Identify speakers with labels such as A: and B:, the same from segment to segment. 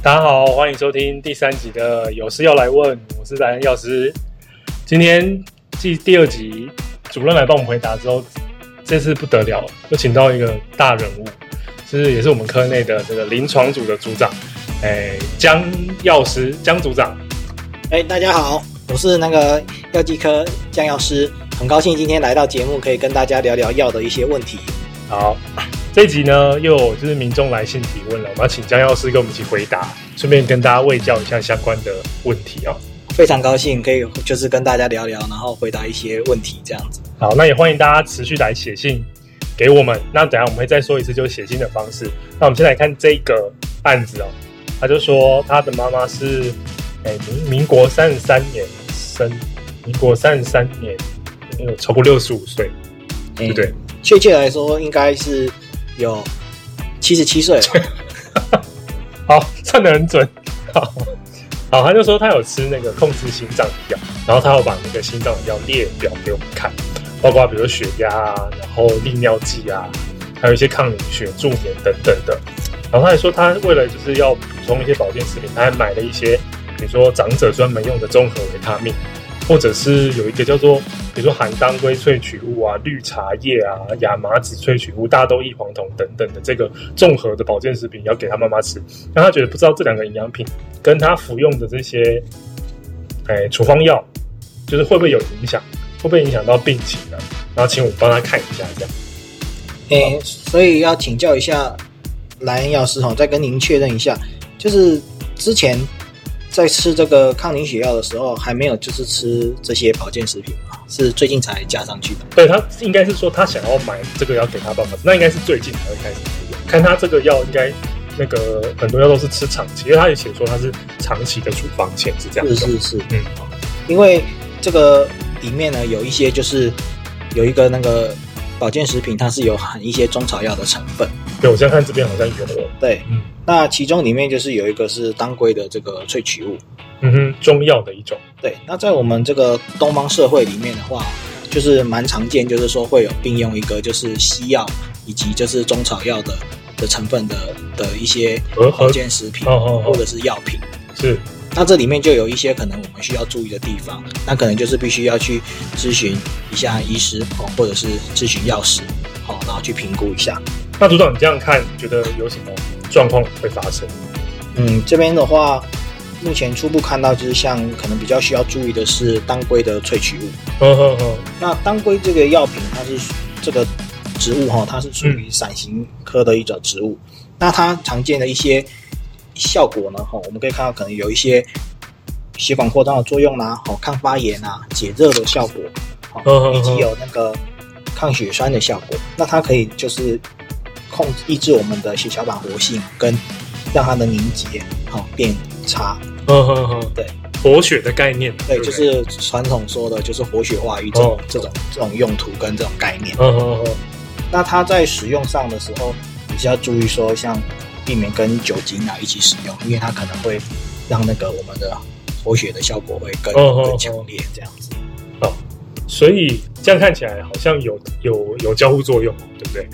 A: 大家好，歡迎收聽第三集的《有事藥來問》，我是萊恩藥師。今天繼第二集主任來幫我們回答之後。這次不得了，又請到一個大人物，就是也是我們科內的這個臨床組的組長，哎，江藥師江組長，
B: 哎、欸，大家好，我是那個藥劑科江藥師，很高興今天來到節目，可以跟大家聊聊藥的一些問題。
A: 好，這一集呢又有就是民眾來信提問了，我們要請江藥師跟我們一起回答，順便跟大家衛教一下相關的問題哦。非常高興可以就是跟大家聊聊，然後回答一些問題這樣子。好，那也歡迎大家持續來寫信給我們。那等一下我們會再說一次，就是寫信的方式。那我們先來看這個案子哦。他就說他的媽媽是誒、欸、民民國三十三年生，民國三十三年有超過六十五歲，欸不欸、對不對？確切來說應該是有七十七歲了。 好，算得很準。好，好，他就說他有吃那個控制心臟的藥，然後他要把那個心臟的藥列表給我們看。包括比如血壓啊，然後利尿劑啊，還有一些抗凝血、助眠等等的。然後他還說，他為了就是要補充一些保健食品，他還買了一些，比如說長者專門用的綜合維他命，或者是有一個叫做，比如說含當歸萃取物啊、綠茶葉啊、亞麻籽萃取物、大豆異黃酮等等的這個綜合的保健食品，要給他媽媽吃。但他覺得不知道這兩個營養品跟他服用的這些哎、欸、處方藥，就是會不會有影響？會不會影響到病情呢、啊？然後請我幫他看一下，一下好好，這樣。哎，
B: 所以要請教一下萊恩藥師哈，再跟您確認一下，就是之前在吃這個抗凝血藥的時候，還沒有就是吃這些保健食品，
A: 是最近才加上去的？對，他應該是說他想要買這個藥給他爸爸，那應該是最近才會開始吃藥。看他這個藥應該那個很多藥都是吃長期，因為他也寫說他是長期的處方，箋，是這樣子。是是
B: 是，嗯，好，
A: 因為這個。
B: 裡面呢，有一些就是有一個那個保健食品，它是有含一些中草藥的成
A: 分。對，我先看這邊好
B: 像有。對，嗯，那其中裡面就是有一個是當歸的這個萃取物。
A: 嗯哼，
B: 中藥的一種。對，那在我們這個東方社會裡面的話，就是蠻常見，就是說會有並用一個就是西藥以及就是中草藥的的成分的的一些保健食品或者是藥品。是。那這裡面就有一些可能我們需要注意的地方，那可能就是必須要去諮詢一下醫師，或者是諮詢藥師，好，然後去評估一下。那組長，你這樣看，覺得有什麼狀況會發生？嗯，這邊的話，目前初步看到就是像可能比較需要注意的是當歸的萃取物。嗯嗯嗯。那當歸這個藥品，它是屬於這個植物哈，它是屬於傘形科的一種植物，嗯、那它常見的一些。效果呢？哈、哦，我們可以看到可能有一些血管擴張的作用啦、啊，好、哦、抗發炎啊，解熱的效果，哦、
A: oh, oh, oh. 以及有那
B: 個抗血栓的效果。那它可以就是控制抑制我們的血小板活性，跟讓它的凝結好、哦、變差。Oh, oh,
A: oh. 對，
B: 活血的概念，對，對就是傳統說的就是活血化瘀這種這種 oh, oh. 這種用途跟這種概念 oh, oh, oh.。那它在使用上的時候，比較注意說像。避免跟酒精啊一起使用，因為它可能會讓那個我們的活血的效果會更哦哦哦哦，更強烈這樣子。
A: 哦，所以這樣看起來好像有有有交互作用，對不對？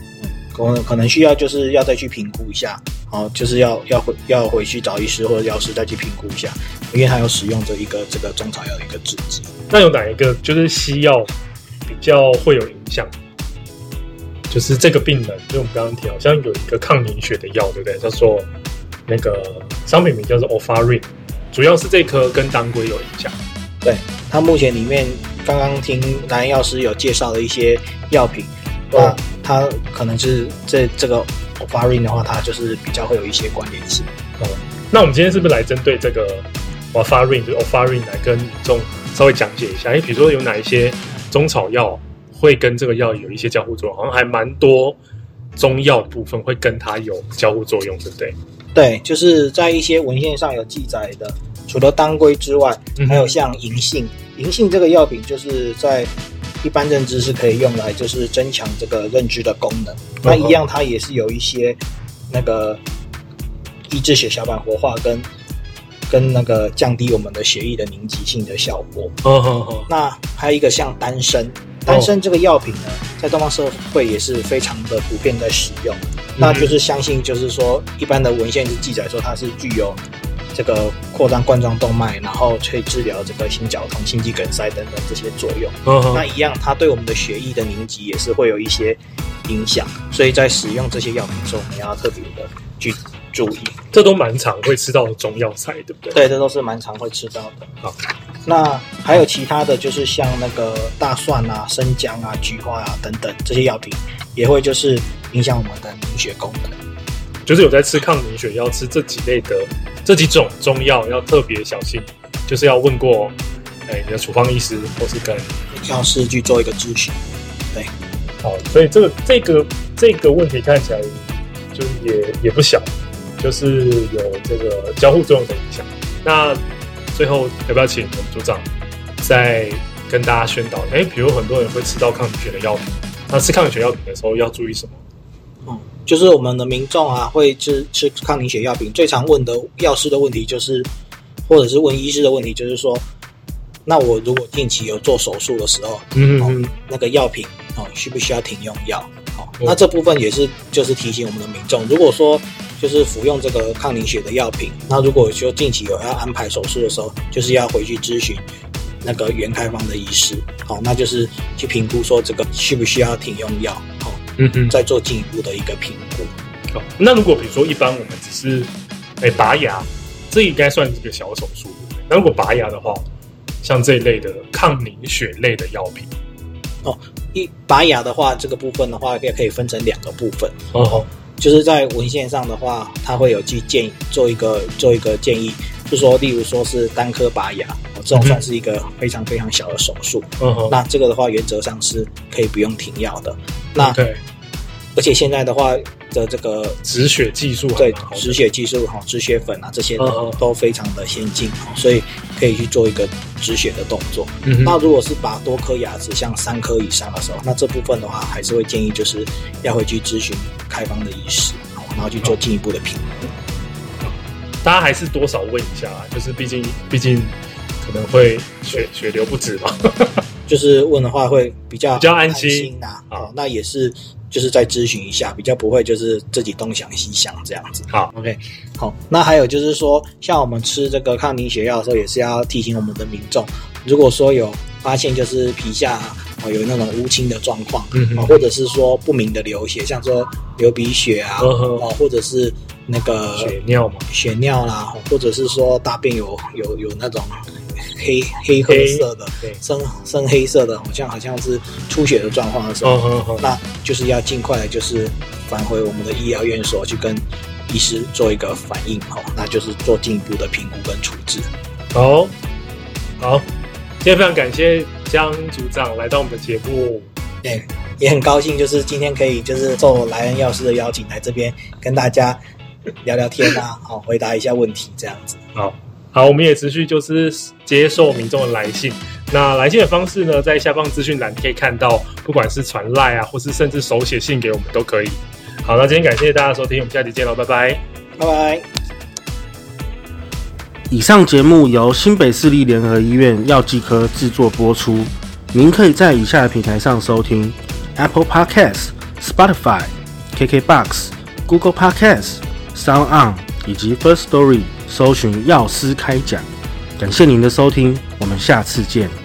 B: 嗯，可能需要就是要再去評估一下，好，哦，就是要要要回去找醫師或者藥師再去評估一下，因為他要使用這一個這個中草藥一個製劑，
A: 那有哪一個就是西藥比較會有影響？就是這個病人，就我們剛剛提到，好像有一個抗凝血的藥，對不對？叫、就、做、是、那個商品名叫做 Orfarin，主要是這顆跟當歸有影響。對，他目前裡面剛剛
B: 聽萊恩藥師有介紹的一些藥品，哦、那他可能是這
A: 這個 Orfarin 的話，它就是比較會有一些關聯性。嗯、哦，那我們今天是不是來針對這個 Orfarin，就是 Orfarin 來跟中稍微講解一下？哎，比如說有哪一些中草藥？會跟這個藥有一些交互作用，好像還蠻多中藥的部分會跟它有交互作用，對不對？
B: 對，就是在一些文獻上有記載的，除了當歸之外，還有像銀杏。嗯、哼銀杏這個藥品，就是在一般認知是可以用來就是增強這個認知的功能。嗯、哼那一樣，它也是有一些那個抑制血小板活化跟跟那個降低我們的血液的凝集性的效果。嗯、哼那還有一個像丹參。丹參這個藥品呢，在東方社會也是非常的普遍在使用，嗯嗯、那就是相信就是說一般的文獻就記載說它是具有這個擴張冠狀動脈，然後去治療這個心絞痛、心肌梗塞等等這些作用。哦哦、那一樣，它對我們的血液的凝集也是會有一些影響，所以在使用這些藥品的時候，我們要特別的去注意。這都蠻常會吃到的中藥材，對不對？對，這都是蠻常會吃到的。好。那還有其他的就是像那個大蒜啊、生薑啊、菊花啊等等這些藥品，也會就是影響我們的凝
A: 血功能，就是有在吃抗凝血藥，吃這幾類的這幾種中藥要特別小心，就是要問過哎、欸、你的處方醫師或是跟藥師
B: 去做一個諮詢。
A: 對，好，所以這個這個這個問題看起來就也也不小，就是有這個交互作用的影響。那。最後，要不要請我們組長再跟大家宣導？誒、欸、比如很多人會吃到抗凝血的藥品，那、啊、吃抗凝血藥品的時候要注意什麼、嗯？
B: 就是我們的民眾啊，會吃吃抗凝血藥品，最常問的藥師的問題就是，或者是問醫師的問題，就是說，那我如果近期有做手術的時候，嗯，嗯，嗯、哦，那個藥品哦，需不需要停用藥？哦哦、那這部分也是就是提醒我們的民眾，如果說。就是服用這個抗凝血的藥品。那如果就近期有要安排手術的時候，就是要回去諮詢那個原開方的醫師，好、哦，那就是去評估說這個需不需要停用藥，
A: 好、哦，嗯嗯，
B: 再做進一步的一個
A: 評估。好、哦，那如果比如說一般我們只是哎、欸、拔牙，這應該算是一個小手術。那如果拔牙的話，像這一類的抗凝血類的藥品，哦，一拔牙的
B: 話，這個部分的話，也可以分成兩個部分，哦。哦就是在文獻上的話，他會有去建做一個做一個建議，就說例如說是單顆拔牙，這種算是一個非常非常小的手術。哦哦那這個的話，原則上是可以不用停藥的。那 Okay 而且現在的話。的這個止血技術，對止血技術哈、哦，止血粉啊，這些都、哦、都非常的先進、哦，所以可以去做一個止血的動作。嗯、哼那如果是拔多顆牙齒，像三顆以上的時候，那這部分的話，還是會建議，就是要回去諮詢
A: 開方的醫師、哦，然後去做進一步的評論、哦。大家還是多少問一下，啊，就是畢竟畢竟可能會血對血流不止嘛，就是
B: 問的話會比較比較安心啊，哦、那也是。就是再諮詢一下，比較不會就是自己東想西想這樣子。好，OK，好。那還有就是說，像我們吃這個抗凝血藥的時候，也是要提醒我們的民眾，如果說有發現就是皮下啊有那種烏青的狀況，嗯哼，或者是說不明的流血，像說流鼻血啊，啊，或者是那個血尿嘛，血尿啦，或者是說大便有有有那種。黑,黑黑褐色的，黑深對深黑色的，好像好像是出血的狀況的時候，oh, oh, oh. 那就是要盡快的，就是返回我們的醫療院所，去跟醫師做一個反應，哦，那就是做進一步的評估跟處置。
A: 好，好，今天非常感謝江組
B: 長來到我們的節目，也很高興，就是今天可以就是受萊恩藥師的邀請來這邊跟大家聊聊天啊，好、 哦，回答一下問題這樣子，
A: 好。Oh. 好，我們也持續就是接受民眾的來信。那來信的方式呢，在下方資訊欄可以看到，不管是傳賴啊，或是甚至手寫信給我們都可以。好了，那今天感謝大家收聽，我們下集見嘍，拜拜，拜拜。
B: 以上節目由新北市立聯合醫院藥劑科製作播出，您可以在以下的平台上收聽：Apple Podcasts、Spotify、KKBox、Google Podcasts、Sound On 以及 First Story。搜尋藥師開講，感謝您的收聽，我們下次見。